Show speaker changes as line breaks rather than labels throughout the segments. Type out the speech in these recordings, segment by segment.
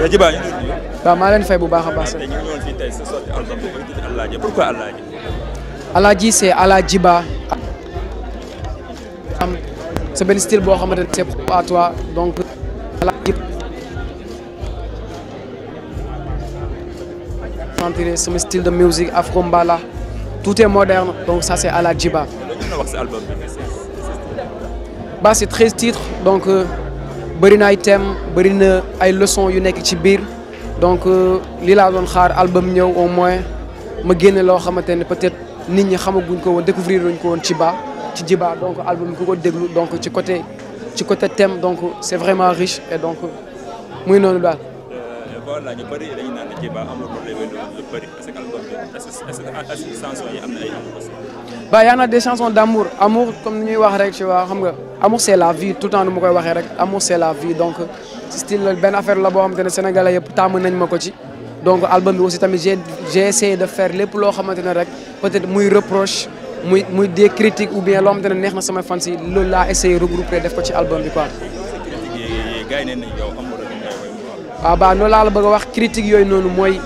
Alaaji Ba ñu
waaw maa leen fay bu baax a baax.
ñu ngi ñëwoon fii tey Alaaji
Alaaji. c'est Alaaji Ba. am benn style boo xamante ne c'est propre à donc Alaaji. sentir sama style de musique afro mbala tout est moderne donc ça c'est Alaaji Ba. ba c'est 13 donc. Euh, bëri na ay thèmes bëri na ay leçons yu nekk ci biir donc euh, lii laa doon xaar album ñëw au moins ma génne loo xamante ne peut-être nit ñi xamaguñ ko woon découvrir luñ ko woon ci ba ci jiba donc album ku ko déglu donc ci côté ci côté thème donc c'est vraiment riche et donc euh, muy noonu daal.
voilà ñu bëri dañu naan Jeeba amul problème amour aussi.
yaa na des chansons d'amour amour comme ni ñuy wax rek ci vois xam nga amour c'est la vie tout le temps nu ma koy waxee rek amour c'est la vie donc style benn affaire la boo xamante ne sénégalais yëpp tàmm nañ ma ko ci. donc album bi aussi tamit j'ai j'ai essayé de fair lépp loo xamante ne rek peut-être muy reproche muy muy des critiques ou bien loo xamante neex na sama fans loolu laa essayé regrouper def ko ci album bi quoi. waaw ah, baa noonu laa la a wax critique yooyu noonu mooy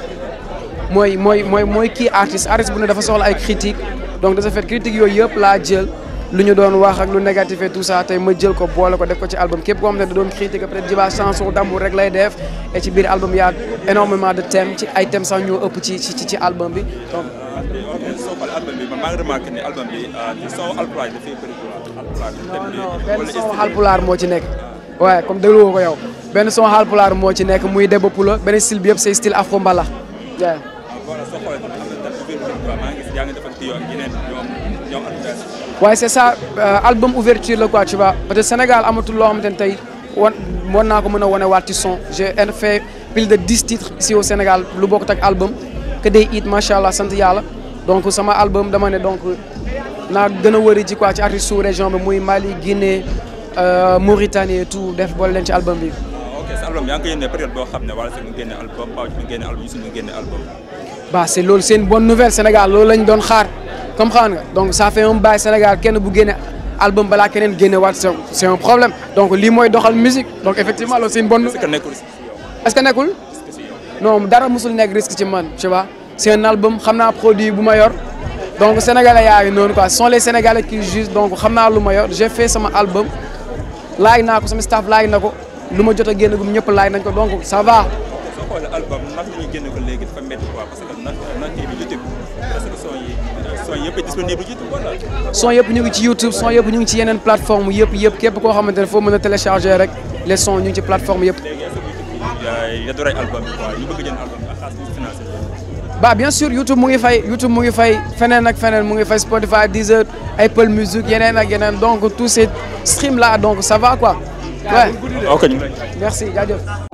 mooy mooy mooy mooy kii artiste artiste bu ne dafa soxla ay critique donc de ce fait critique yooyu yëpp laa jël lu ñu doon wax ak lu négatif et tout ça tey ma jël ko boole ko def ko ci album képp koo xam ne da doon critique peut-être Djiba chanson d'amour rek lay def et ci biir album yaa énormément de thèmes ci ay thèmes sax ñoo ëpp ci ci ci album bi donc
soo xoolee alpulaar
moo ci nekk waaye comme dégluwoo ko yow benn son poular moo ci nekk muy Debba Pula benn style bi yëpp c'est style afro mbalax.
waaw. waaye c'est ça
euh, album ouverture la quoi tu vois parce que Sénégal amatul loo xamante ne tey wan wan naa ko mën a wane waat ci son j'ai fait plus de dix titres ici au Sénégal lu bokkut ak album que day it macha allah sant yàlla donc sama album dama ne donc naa gën a wëri ci quoi ci artiste région bi muy Mali Guinée euh, Mauritanie et tout def boole leen ci album bi.
ok album yaa ngi boo xam ne wala si mu génne album Pape Diouf mu génne album Youssou mu génne album.
waaw c'est loolu c'est une bonne nouvelle Sénégal loolu lañ doon xaar comme xam nga donc ça fait un bail Sénégal kenn bu génne album balaa keneen génne waat c'est un problème donc lii mooy doxal musique donc effectivement loolu c'est une bonne. est que nekkul est-ce que nekkul. non dara musul nekk risque ci man tu vois c'est un album xam naa produit bu ma yor. donc sénégalais yaa ngi noonu quoi ce sont les sénégalais qui jugent xam naa ma yor j'ai fait sama album naa ko sama staff na ko lu ma jot a génn gum ñëpp laaj nañ ko donc ça va.
soo ñu son yi ñu ngi ci YouTube
son yëpp ñu ngi ci yeneen plateforme yëpp yëpp képp koo xamante ne foo mën a télécharger rek les sons ñu ci plateforme yëpp.
léegi est-ce
euh, bien sûr YouTube mu ngi fay YouTube mu ngi fay feneen ak feneen mu ngi fay Spotify Deezer Apple Music yeneen ak yeneen donc tous ces streams là donc ça va waaw ok merci jaajëf.